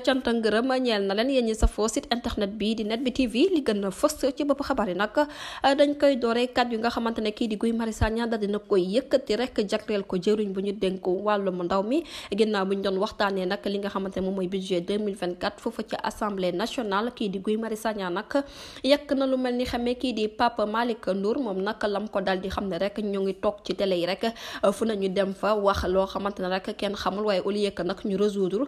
cant ngërëm ñeel na leen yéen ñi safoo site internet bi di net bi tv li gën a fës ci bopp xabaar yi nag dañ koy dooree kàddu nga xamante kii di Guy Marius Sagna daal dina koy yëkkati rek jagleel ko jëriñ bu ñu dénk wàllum ndaw mi ginnaaw bu ñu doon waxtaanee nag li nga xamante ne moom mooy budget 2024 foofu ci assemblée nationale kii di Guy Marius Sagna nag yekk na lu mel ni xamee kii di Pape Malick nduur moom nag lam ko dal di xam ne rek ñoo ngi toog ci télé yi rek fu nañu dem fa wax loo xamante ne rek kenn xamul waaye au lieu que ñu résoudre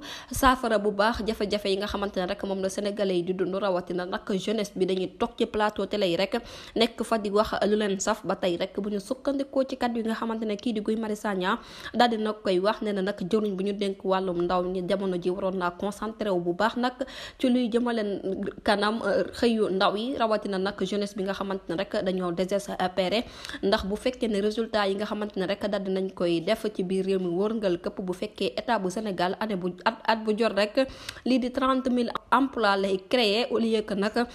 baax jafe-jafe yi nga xamante ne rek moom la sénégale yi di dund rawatina nag jeunesse bi dañuy toog ci plateau télé yi rek nekk fa di wax lu leen saf ba tey rek bu ñu sukkandikoo ci kàddu yi nga xamante ne kii di Guy Marius Sagna di nag koy wax ne na nag jëriñ bu ñu dénk wàllum ndaw ñi jamono ji waroon naa concentré wu bu baax nag ci luy jëmaleen kanam euh, xëyu ndaw yi rawatina nag jeunesse bi nga xamante ne rek dañoo désespéré ndax bu fekkee ne résultat yi nga xamante ne rek daal di nañ koy def ci biir réew mi wërngal këpp bu fekkee état bu Sénégal année bu at at bu jot rek lii di trente mille emplois lay créer au lieu que nag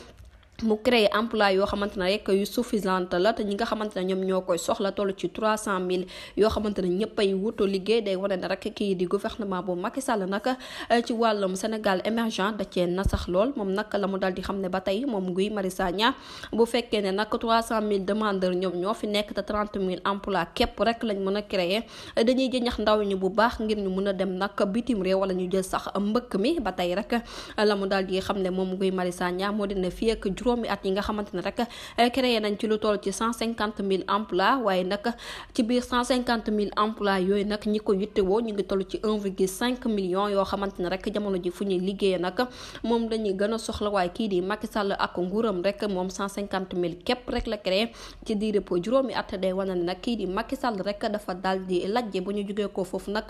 mu créer emploi yoo xamante ne rek yu suffisante la te ñi nga xamante ne ñoom ñoo koy soxla toll ci mille yoo xamante ne ay wuto liggéey day wane ne rek kii di gouvernement bu Macky Sall nag euh, ci wàllum Sénégal émergent da cee nasax lool moom nag la mu di xam ne ba tey moom Guy Marius Sagna bu fekkee ne nag ñoo fi nekk te trente a créer dañuy jëñax ndaw ñi bu ñu mën a dem nag bitim réew ñu jël sax mi ba tey rek la mu ne moom juróomi at yi nga xamante ne rek eh, créé nañ ci lu toll ci cent cinquante mille emplois waaye nag ci biir cent cinquante mille emplois yooyu nag ñi ko yittewoo ñu ngi toll ci un virgule yoo xamante rek jamono ji fu ñuy liggéeyee nag moom la ñuy a soxla waaye kii di Macky Sall ak nguuram rek moom cent cinquante mille képp rek la créé ci diirub juróomi at day wane nag kii di Macky Sall rek dafa daal di bu ñu jógee ko foofu nag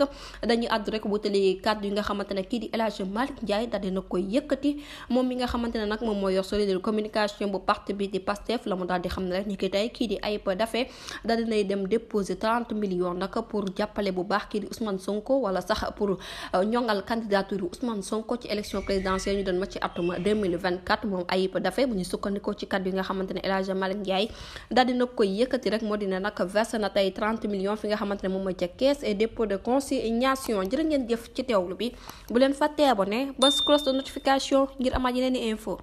mi nga xamante ne nag moom mooy yor solide communication bu parti bi di Pastef la mu di xam ne rek ni ki tey kii di Ayib Daffé daal dinay dem déposer trente millions nag pour jàppale bu baax kii di Ousmane Sonko wala sax pour euh, ñongal candidature Ousmane Sonko ci élection présidentielle ñu doon ma ci moom Ayib Daffé bu ñu sukkandikoo ci kàddu yi nga xamante ne El Hadj dina koy yëkkati rek moo dina nag versé na tey trente millions fi nga xamante moom mooy ca caisse et dépôt de consignation i